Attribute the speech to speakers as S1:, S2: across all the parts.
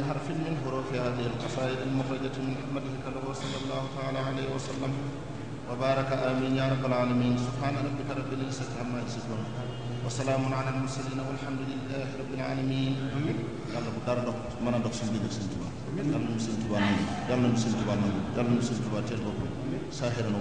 S1: بحرف من حروف هذه القصائد المخرجة من حمد ذكره صلى الله تعالى عليه وسلم وبارك آمين يا رب العالمين سبحان ربك رب العزة عما يصفون وسلام على المرسلين والحمد لله رب العالمين آمين يلا بدر دوك مانا دوك سيدي دوك سيدي توبا يلا نم سن توبا نم يلا نم توبا يلا نم توبا تيل بوكو ساهرن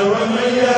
S1: محمد ومن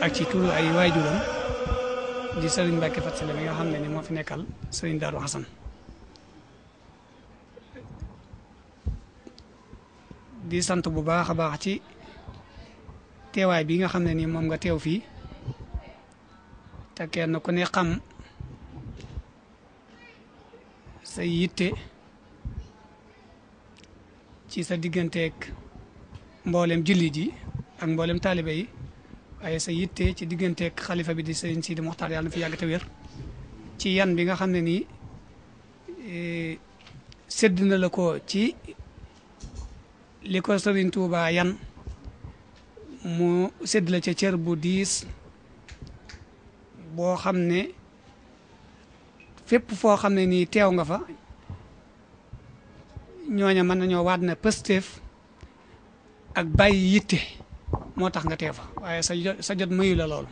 S1: ak ci turu ay waajuram di sëriñ Mbacke Faty Sylla mi nga xam ne ni moo fi nekkal sëriñ Daaru Xasan di sant bu baax a baax ci teewaay bi nga xam ne ni moom nga teew fii te kenn ku ne xam sa yitte ci sa digganteeg mboolem jullit yi ak mboolem taalibe yi ay sa yitte ci digganteeg xalifa bi di sëriñ Sidi Moxtaar yàlla na fi yàgg te wér ci yan bi nga xam ne nii e, sedd na la ko ci li ko sëriñ Touba yan mu sédd la ca cër bu diis boo xam ne fépp foo xam ne nii teew nga fa ñooña mën nañoo waat na pësteef ak bay yitte moo tax nga tee fa waaye sa sa jot mayu la loolu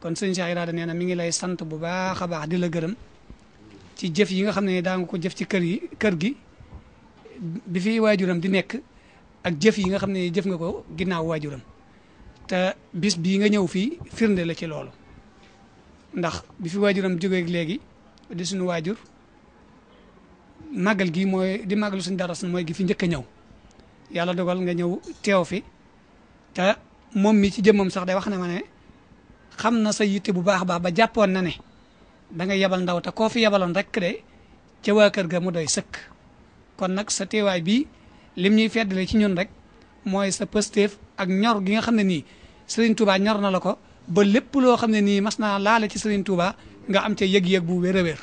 S1: kon sëñ Cheikh Ibrahima nee na mi ngi lay sant bu baax a baax di la gërëm ci jëf yi nga xam ne daa nga ko jëf ci kër yi kër gi bi fi waajuram di nekk ak jëf yi nga xam ne jëf nga ko ginnaaw waajuram te bis bii nga ñëw fii firnde la ci loolu ndax bi fi waajuram jógee léegi di suñu waajur màggal gi mooy di màggalu suñu dara mooy gi fi njëkk a ñëw yàlla dogal nga ñëw teew fi te moom mi ci jëmmam sax day wax ne ma ne xam na sa yitte bu baax baax ba jàppoon na ne da nga yebal ndaw te koo fi yebaloon rek de ca waa kër ga mu doy sëkk kon nag sa teewaay bi lim ñuy feddale ci ñun rek mooy sa pësteef ak ñor gi nga xam ne nii Serigne Touba ñor na la ko ba lépp loo xam ne nii mas naa laale ci Serigne Touba nga am ca yëg-yëg bu wér a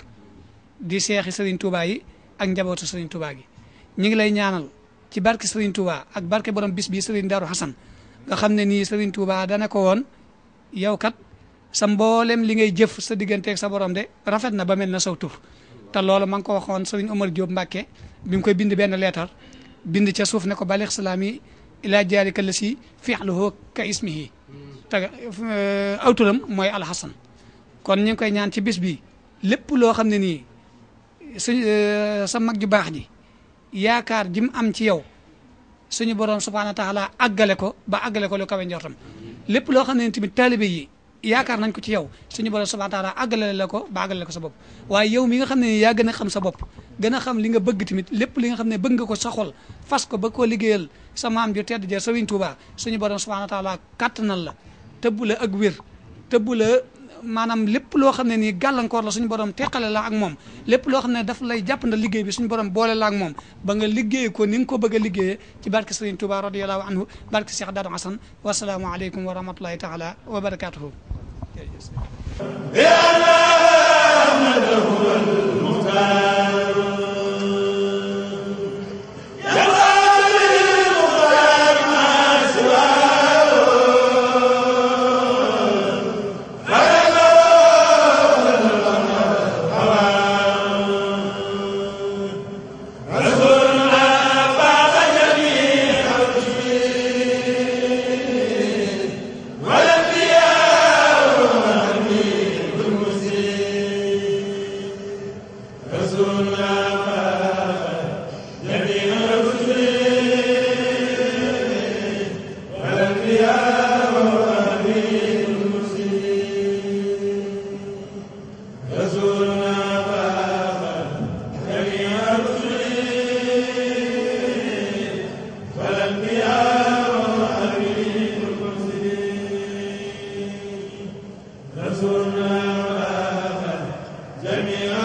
S1: di seexi Serigne Touba yi ak njabootu Serigne Touba gi ñu ngi lay ñaanal ci barke Serigne Touba ak barke borom bis bii Serigne Darou Hassan. nga xam ne nii Serigne Touba dana ko woon yow kat sa mboolem li ngay jëf sa digganteeg sa borom de rafet na ba mel na saw tur te loolu ma ngi ko waxoon Serigne Omar Diop Mbacke bi mu koy bind benn leetar bind ca suuf ne ko balix salaam yi ilaa jaalika la si fi'luhu ka ismihi te euh, aw turam mooy alxasan kon ñu koy ñaan ci bis bi lépp loo xam ne nii sa euh, mag ju baax ji yaakaar ji am ci yow. suñu borom subhaana taala àggale ko ba àggale ko lu kawe njortam lépp loo xam ne tamit taalibe yi yaakaar nañ ko ci yow suñu borom subhaana taala àggale la ko ba ko sa bopp waaye yow mi nga xam ne yaa gën a xam sa bopp gën a xam li nga bëgg tamit lépp li nga xam ne bëgg nga ko sa fas ko ba koo liggéeyal sa maam ju tedd ja Sëriñ Tuubaa suñu borom subhaana taala kàttanal la tëbb bula ak wér tëbb bula maanaam lépp loo xam ne nii gàllankoor la suñu borom teqale la ak moom lépp loo xam ne daf lay jàppandal liggéey bi suñu borom boole la ak moom ba liggéey ko ni nga ko bëgg a liggéeyee ci barke Serigne Touba radiyallahu anhu barke Cheikh Darou Assane wasalaamu aleykum wa taala wa من